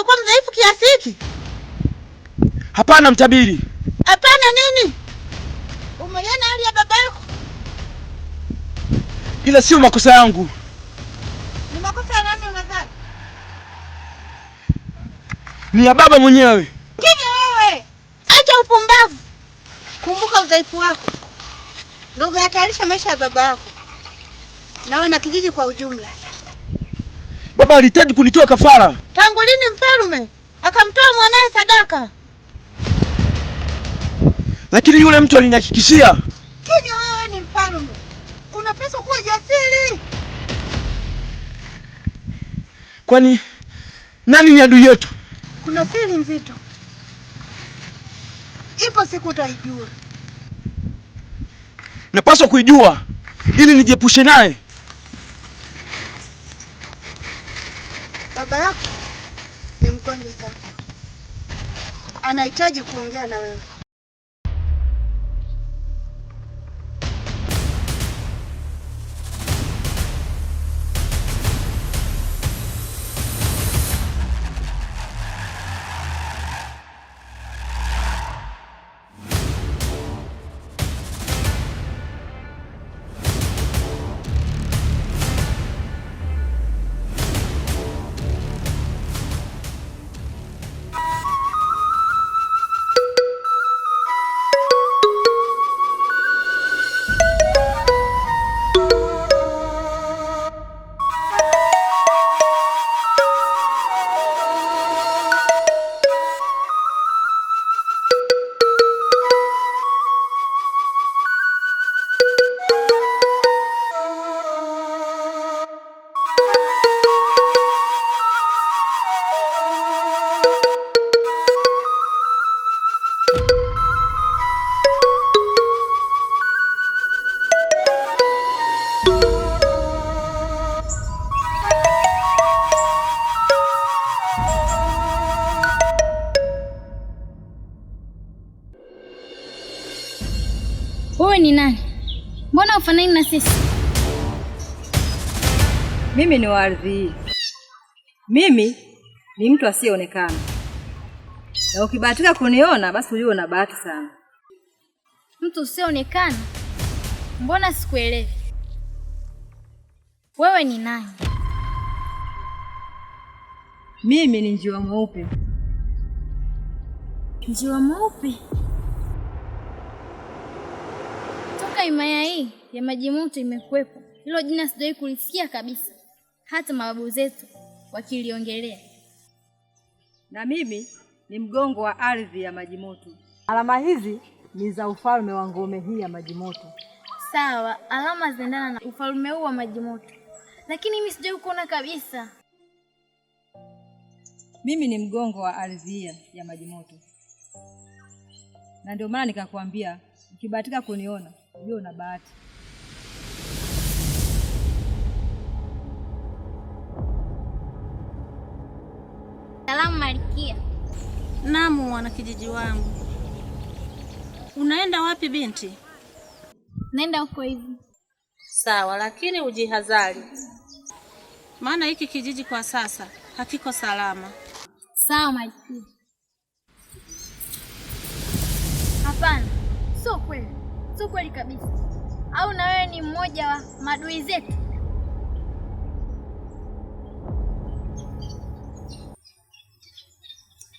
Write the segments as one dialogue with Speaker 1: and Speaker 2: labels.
Speaker 1: alivyokuwa mdhaifu kiasi hiki?
Speaker 2: Hapana mtabiri.
Speaker 1: Hapana nini? Umeiona hali ya baba yako?
Speaker 2: Ila sio makosa yangu.
Speaker 1: Ni makosa ya nani unadhani?
Speaker 2: Ni ya baba mwenyewe.
Speaker 1: Kini wewe? Acha upumbavu. Kumbuka udhaifu wako. Ndio unahatarisha maisha ya baba yako na wana kijiji kwa ujumla.
Speaker 2: Baba alihitaji kunitoa kafara.
Speaker 1: Tangu lini mfalme akamtoa mwanaye sadaka?
Speaker 2: Lakini yule mtu alinihakikishia.
Speaker 1: Kija wewe ni mfalme, unapaswa kuwa jasiri.
Speaker 2: Kwani nani ni adui yetu?
Speaker 1: Kuna siri nzito, ipo siku utaijua.
Speaker 2: Napaswa kuijua ili nijiepushe naye.
Speaker 1: baba yako ni mgonjwa, anahitaji kuongea na wewe.
Speaker 3: ni nani? Mbona ufanani na sisi?
Speaker 4: Mimi ni wa hii, mimi ni mtu asiyeonekana, na ukibahatika kuniona basi ujue una bahati sana.
Speaker 3: Mtu usioonekana? Mbona sikuelewi, wewe ni nani?
Speaker 4: Mimi ni njiwa mweupe.
Speaker 1: Njiwa mweupe?
Speaker 3: Mbona himaya hii ya maji moto imekuwepo? Hilo jina sijawahi kulisikia kabisa, hata mababu zetu wakiliongelea.
Speaker 4: Na mimi ni mgongo wa ardhi ya maji moto. Alama hizi ni za ufalme wa ngome hii ya maji moto.
Speaker 3: Sawa, alama zinaendana na ufalme huu wa maji moto, lakini mimi sijawahi kuona kabisa.
Speaker 4: Mimi ni mgongo wa ardhi ya maji moto, na ndio maana nikakwambia, ukibahatika kuniona Unajua una bahati.
Speaker 3: Salamu Malkia.
Speaker 5: Naam, wanakijiji wangu. Unaenda wapi binti?
Speaker 3: Naenda huko hivi.
Speaker 4: Sawa, lakini ujihadhari,
Speaker 5: maana hiki kijiji kwa sasa hakiko salama.
Speaker 3: Sawa Malkia. Hapana, sio kweli sio kweli kabisa. Au na wewe ni mmoja wa maadui zetu?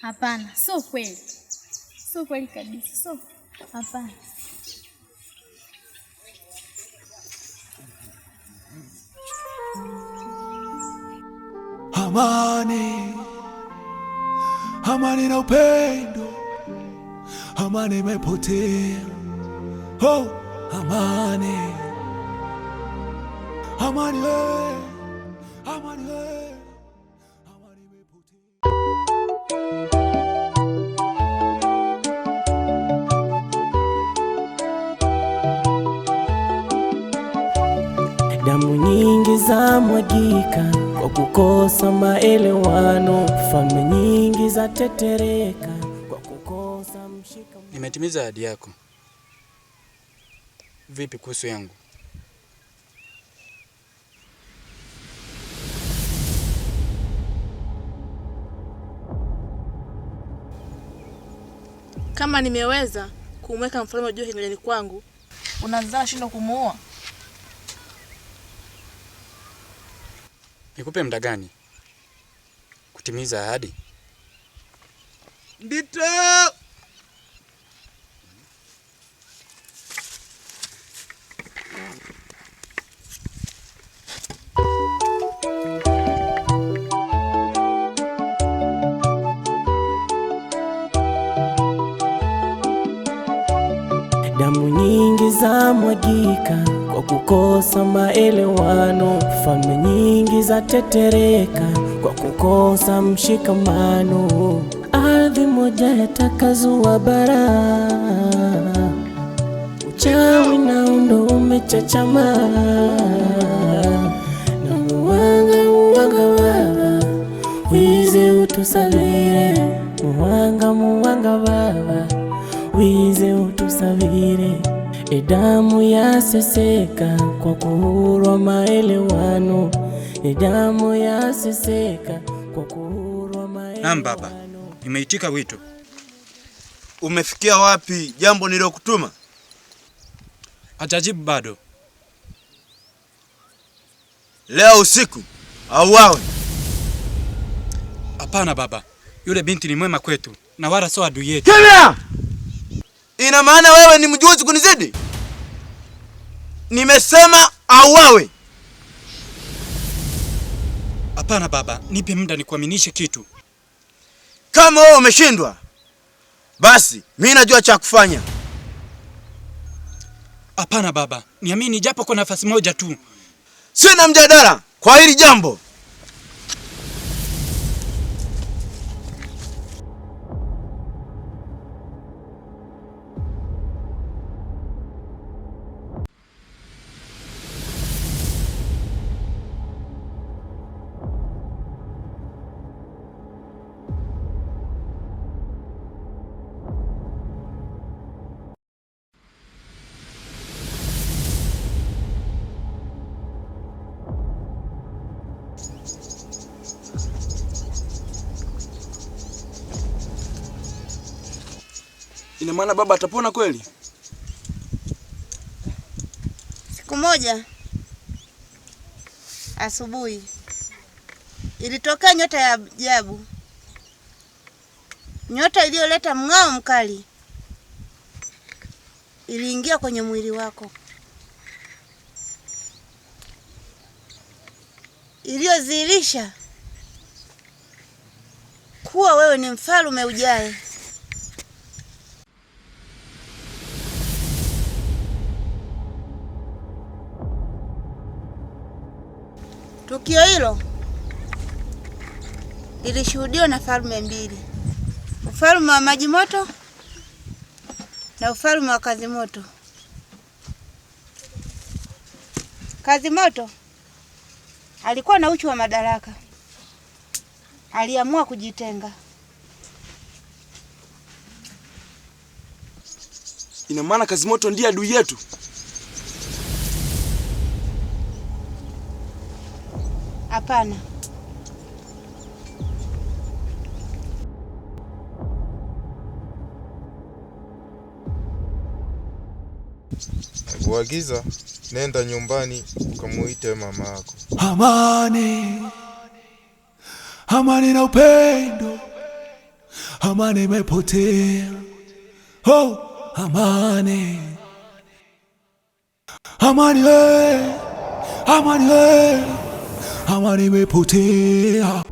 Speaker 3: Hapana, sio kweli, sio kweli kabisa, sio. Hapana. Amani, amani na upendo, amani imepotea. Oh, amani,
Speaker 6: amani we, amani we. Damu nyingi za mwagika kwa kukosa maelewano, falme nyingi za tetereka kwa kukosa mshika.
Speaker 7: Nimetimiza ahadi yako vipi kuhusu yangu?
Speaker 3: Kama nimeweza kumweka mfalme juu kinywani kwangu, unazaa shindo kumuoa?
Speaker 7: Nikupe muda gani kutimiza ahadi?
Speaker 8: Ndito
Speaker 6: zamwagika kwa kukosa maelewano, falme nyingi za tetereka kwa kukosa mshikamano. Ardhi moja yatakazua bara, uchawi na undo umechachama na uwanga, uwanga baba, wizi utusalire, muwanga, muwanga baba, wize, utusavire Edamu yaseseka kwa kuhurwa maelewano, edamu yaseseka kwa kuhurwa maelewano.
Speaker 7: Naam baba, nimeitika wito.
Speaker 8: Umefikia wapi jambo nilokutuma?
Speaker 7: Hajajibu bado.
Speaker 8: Leo usiku auawe?
Speaker 7: Hapana baba, yule binti ni mwema kwetu na wala sio adui yetu.
Speaker 8: Kimya! Ina maana wewe ni mjuzi kunizidi? Nimesema auawe.
Speaker 7: Hapana baba, nipe muda nikuaminishe kitu.
Speaker 8: Kama wewe umeshindwa, basi mimi najua cha kufanya.
Speaker 7: Hapana baba, niamini japo kwa nafasi moja tu.
Speaker 8: Sina mjadala kwa hili jambo.
Speaker 7: Ina maana baba atapona kweli?
Speaker 1: Siku moja asubuhi ilitokea nyota ya ajabu, nyota iliyoleta mng'ao mkali. Iliingia kwenye mwili wako, iliyodhihirisha kuwa wewe ni mfalme ujaye. Tukio hilo lilishuhudiwa na falme mbili, ufalme wa maji moto na ufalme wa kazi moto. Kazi moto alikuwa na uchu wa madaraka, aliamua kujitenga.
Speaker 7: Ina maana kazi moto ndiye adui yetu.
Speaker 1: Hapana.
Speaker 9: Uagiza, nenda nyumbani ukamuite mama yako. Amani, amani na upendo, amani imepotea. Oh, amani, amani hey. amani hey awaniwepotea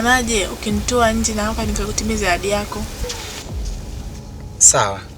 Speaker 3: unaonaje ukinitoa nje na hapa nikakutimiza ahadi yako?
Speaker 7: Sawa,